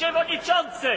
przewodniczący!